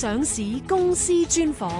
上市公司專訪。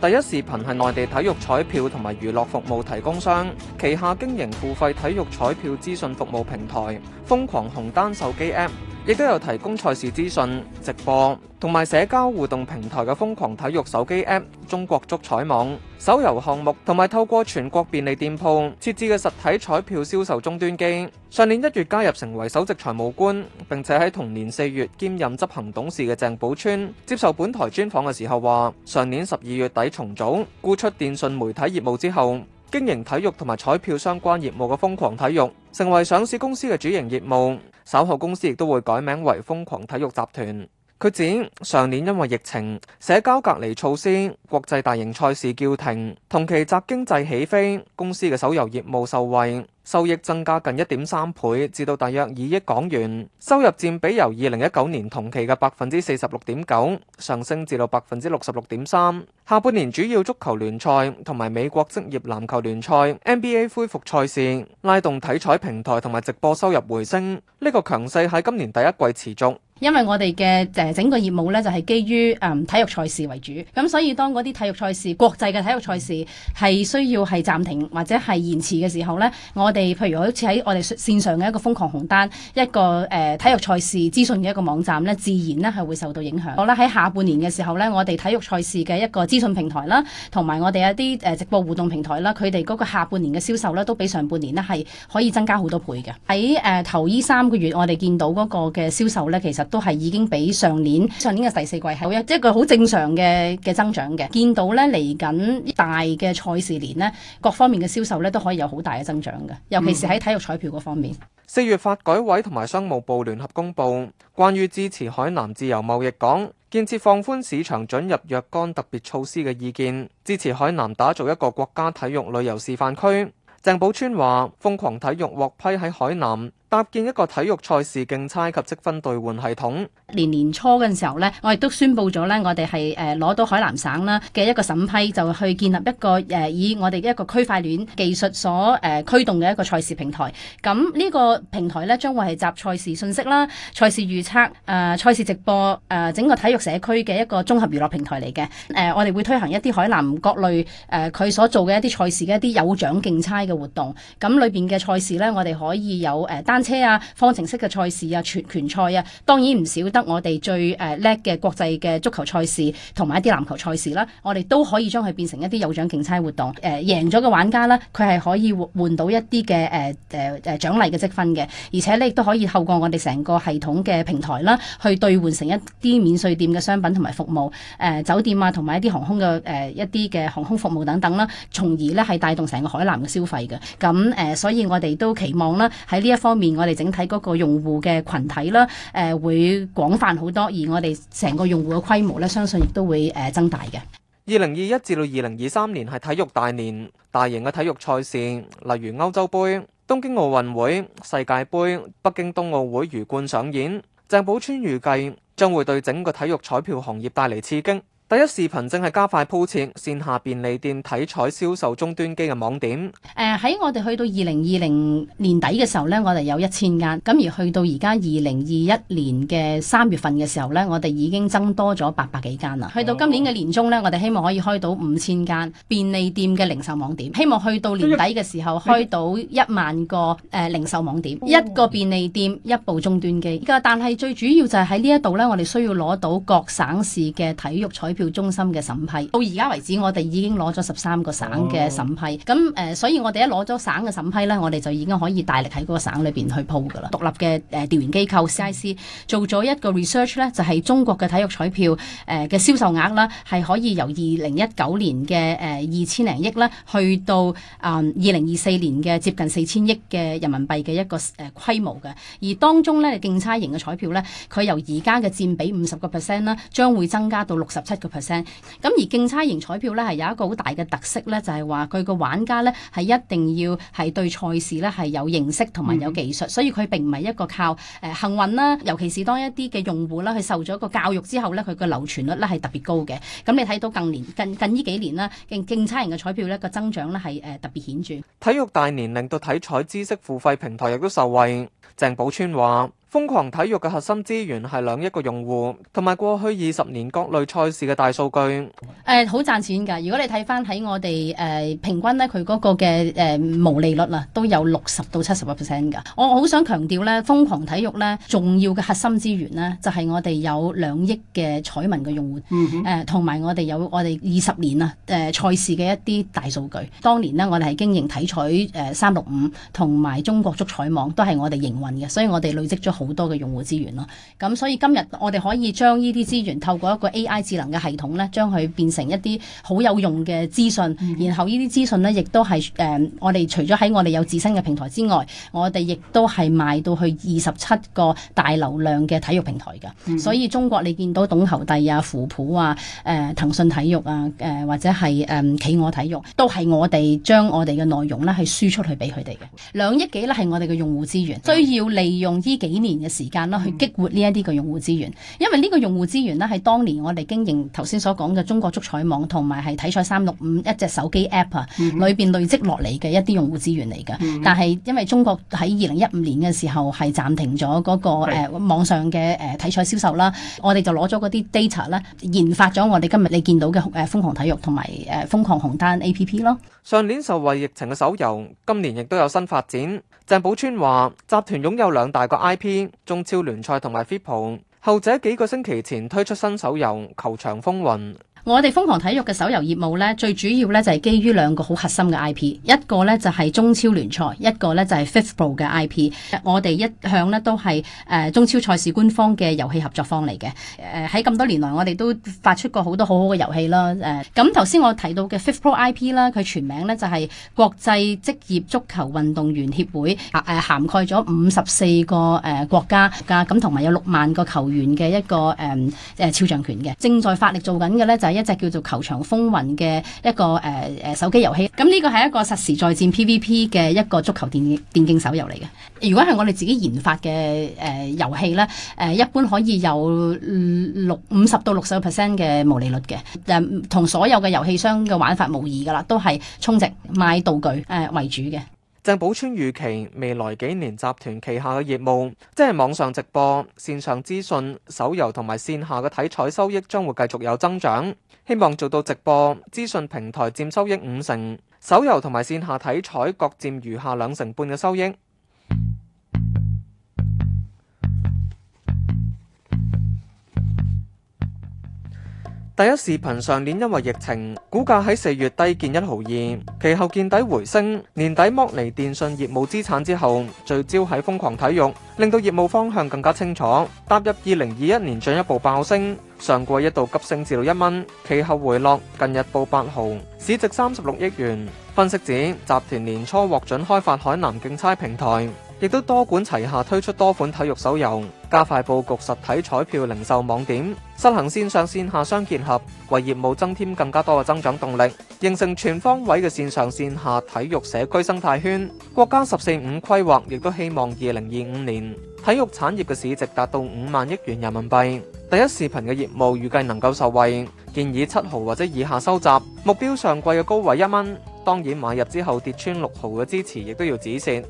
第一視頻係內地體育彩票同埋娛樂服務提供商，旗下經營付費體育彩票資訊服務平台《瘋狂紅單》手機 App。亦都有提供賽事資訊、直播同埋社交互動平台嘅瘋狂體育手機 App、中國足彩網、手遊項目同埋透過全國便利店鋪設置嘅實體彩票銷售終端機。上年一月加入成為首席財務官，並且喺同年四月兼任執行董事嘅鄭寶川，接受本台專訪嘅時候話：上年十二月底重組沽出電信媒體業務之後。經營體育同埋彩票相關業務嘅瘋狂體育，成為上市公司嘅主營業務。稍後公司亦都會改名為瘋狂體育集團。佢指上年因為疫情、社交隔離措施、國際大型賽事叫停，同期集經濟起飛，公司嘅手遊業務受惠。收益增加近一點三倍，至到大約二億港元。收入佔比由二零一九年同期嘅百分之四十六點九，上升至到百分之六十六點三。下半年主要足球聯賽同埋美國職業籃球聯賽 NBA 恢復賽事，拉動體彩平台同埋直播收入回升。呢個強勢喺今年第一季持續。因為我哋嘅誒整個業務咧，就係、是、基於誒、嗯、體育賽事為主，咁所以當嗰啲體育賽事國際嘅體育賽事係需要係暫停或者係延遲嘅時候咧，我哋譬如好似喺我哋線上嘅一個瘋狂紅單，一個誒、呃、體育賽事資訊嘅一個網站咧，自然咧係會受到影響。咁咧喺下半年嘅時候咧，我哋體育賽事嘅一個資訊平台啦，同埋我哋一啲誒直播互動平台啦，佢哋嗰個下半年嘅銷售咧，都比上半年咧係可以增加好多倍嘅。喺誒、呃、頭依三個月，我哋見到嗰個嘅銷售咧，其實都係已經比上年上年嘅第四季好一，即係一個好正常嘅嘅增長嘅。見到呢嚟緊大嘅賽事年呢，各方面嘅銷售呢都可以有好大嘅增長嘅，尤其是喺體育彩票嗰方面。四、嗯、月發改委同埋商務部聯合公佈關於支持海南自由貿易港建設放寬市場准入若干特別措施嘅意見，支持海南打造一個國家體育旅遊示範區。鄭寶川話：瘋狂體育獲批喺海南。搭建一個體育賽事競猜及積分兌換系統。年年初嘅時候咧，我亦都宣布咗咧，我哋係誒攞到海南省啦嘅一個審批，就去建立一個誒、呃、以我哋一個區塊鏈技術所誒、呃、驅動嘅一個賽事平台。咁呢個平台咧將會係集賽事信息啦、賽事預測、誒、呃、賽事直播、誒、呃、整個體育社區嘅一個綜合娛樂平台嚟嘅。誒、呃，我哋會推行一啲海南各類誒佢、呃、所做嘅一啲賽事嘅一啲有獎競猜嘅活動。咁裏邊嘅賽事咧，我哋可以有誒單車啊，方程式嘅賽事啊，全拳賽啊，當然唔少得我哋最誒叻嘅國際嘅足球賽事，同埋一啲籃球賽事啦。我哋都可以將佢變成一啲有獎競猜活動。誒、呃，贏咗嘅玩家啦，佢係可以換到一啲嘅誒誒誒獎勵嘅積分嘅，而且呢，亦都可以透過我哋成個系統嘅平台啦，去兌換成一啲免稅店嘅商品同埋服務，誒、呃，酒店啊，同埋一啲航空嘅誒、呃、一啲嘅航空服務等等啦，從而呢，係帶動成個海南嘅消費嘅。咁誒、呃，所以我哋都期望啦喺呢一方面，我哋整體嗰個用戶嘅群體啦，誒會廣泛好多，而我哋成個用戶嘅規模咧，相信亦都會誒增大嘅。二零二一至到二零二三年係體育大年，大型嘅體育賽事，例如歐洲杯、東京奧運會、世界杯、北京冬奧會魚貫上演，鄭寶川預計將會對整個體育彩票行業帶嚟刺激。第一視頻正係加快鋪設線下便利店體彩銷售終端機嘅網點。誒喺、uh, 我哋去到二零二零年底嘅時候呢，我哋有一千間。咁而去到而家二零二一年嘅三月份嘅時候呢，我哋已經增多咗八百幾間啦。Oh. 去到今年嘅年中呢，我哋希望可以開到五千間便利店嘅零售網點。希望去到年底嘅時候開到一萬個誒零售網點。Oh. 一個便利店一部終端機。但係最主要就係喺呢一度呢，我哋需要攞到各省市嘅體育彩票中心嘅審批，到而家為止，我哋已經攞咗十三個省嘅審批。咁誒、呃，所以我哋一攞咗省嘅審批咧，我哋就已經可以大力喺嗰個省裏邊去鋪噶啦。獨立嘅誒調研機構 CIC 做咗一個 research 咧，就係、是、中國嘅體育彩票誒嘅銷售額啦，係可以由二零一九年嘅誒二千零億啦，去到啊二零二四年嘅接近四千億嘅人民幣嘅一個誒規、呃、模嘅。而當中咧競猜型嘅彩票咧，佢由而家嘅佔比五十個 percent 啦，將會增加到六十七。個咁而競猜型彩票咧係有一個好大嘅特色咧，就係話佢個玩家咧係一定要係對賽事咧係有認識同埋有技術，所以佢並唔係一個靠誒幸運啦。尤其是當一啲嘅用戶啦，佢受咗個教育之後咧，佢個流傳率咧係特別高嘅。咁你睇到近年近近呢幾年啦，競競猜型嘅彩票咧個增長咧係誒特別顯著。體育大年令到體彩知識付費平台亦都受惠。鄭寶川話。瘋狂體育嘅核心資源係兩億個用戶，同埋過去二十年各類賽事嘅大數據。誒、呃，好賺錢噶！如果你睇翻喺我哋誒、呃、平均咧，佢嗰個嘅誒毛利率啦，都有六十到七十個 percent 噶。我好想強調咧，瘋狂體育咧重要嘅核心資源咧，就係、是、我哋有兩億嘅彩民嘅用戶，誒、嗯哼，同埋、呃、我哋有我哋二十年啊誒、呃、賽事嘅一啲大數據。當年呢，我哋係經營體彩誒三六五，同埋中國足彩網都係我哋營運嘅，所以我哋累積咗好。好多嘅用戶資源咯，咁所以今日我哋可以將呢啲資源透過一個 A.I. 智能嘅系統咧，將佢變成一啲好有用嘅資訊。嗯、然後資訊呢啲資訊咧，亦都係誒，我哋除咗喺我哋有自身嘅平台之外，我哋亦都係賣到去二十七個大流量嘅體育平台噶。嗯、所以中國你見到懂球帝啊、虎撲啊、誒騰訊體育啊、誒、呃、或者係誒、呃、企鵝體育，都係我哋將我哋嘅內容咧去輸出去俾佢哋嘅兩億幾啦，係我哋嘅用戶資源，需要利用呢幾。年嘅時間啦，去激活呢一啲嘅用戶資源，因為呢個用戶資源咧係當年我哋經營頭先所講嘅中國足彩網同埋係體彩三六五一隻手機 app 啊、嗯，裏邊累積落嚟嘅一啲用戶資源嚟嘅。嗯、但係因為中國喺二零一五年嘅時候係暫停咗嗰、個誒、嗯、網上嘅誒體彩銷售啦，我哋就攞咗嗰啲 data 咧，研發咗我哋今日你見到嘅誒瘋狂體育同埋誒瘋狂紅單 app 咯。上年受惠疫情嘅手遊，今年亦都有新發展。鄭寶川話集團擁有兩大個 ip，中超聯賽同埋 f i，後者幾個星期前推出新手遊《球場風雲》。我哋瘋狂體育嘅手遊業務咧，最主要咧就係、是、基於兩個好核心嘅 IP，一個咧就係、是、中超聯賽，一個咧就係 FIFPro 嘅 IP。我哋一向咧都係誒、呃、中超賽事官方嘅遊戲合作方嚟嘅。誒喺咁多年來，我哋都發出過很多很好多好好嘅遊戲啦。誒咁頭先我提到嘅 FIFPro IP 啦，佢全名咧就係、是、國際職業足球運動員協會，誒涵蓋咗五十四個誒、呃、國家國家，咁同埋有六萬個球員嘅一個誒誒、呃、肖像權嘅，正在發力做緊嘅咧就係、是。一隻叫做球場風雲嘅一個誒誒、呃、手機遊戲，咁呢個係一個實時在戰 PVP 嘅一個足球電電競手遊嚟嘅。如果係我哋自己研發嘅誒遊戲呢，誒、呃呃、一般可以有六五十到六十個 percent 嘅毛利率嘅，誒、呃、同所有嘅遊戲商嘅玩法無異噶啦，都係充值買道具誒、呃、為主嘅。鄭寶川預期未來幾年集團旗下嘅業務，即係網上直播、線上資訊、手遊同埋線下嘅體彩收益，將會繼續有增長。希望做到直播資訊平台佔收益五成，手遊同埋線下體彩各佔餘下兩成半嘅收益。第一視頻上年因為疫情，股價喺四月低見一毫二，其後見底回升，年底剝離電信業務資產之後，聚焦喺瘋狂體育，令到業務方向更加清楚，踏入二零二一年進一步爆升，上季一度急升至到一蚊，其後回落，近日報八毫，市值三十六億元。分析指集團年初獲准開發海南競猜平台。亦都多管齊下推出多款體育手遊，加快布局實體彩票零售網點，實行線上線下相結合，為業務增添更加多嘅增長動力，形成全方位嘅線上線下體育社區生態圈。國家十四五規劃亦都希望二零二五年體育產業嘅市值達到五萬億元人民幣。第一視頻嘅業務預計能夠受惠，建議七毫或者以下收集目標，上季嘅高位一蚊，當然買入之後跌穿六毫嘅支持亦都要止蝕。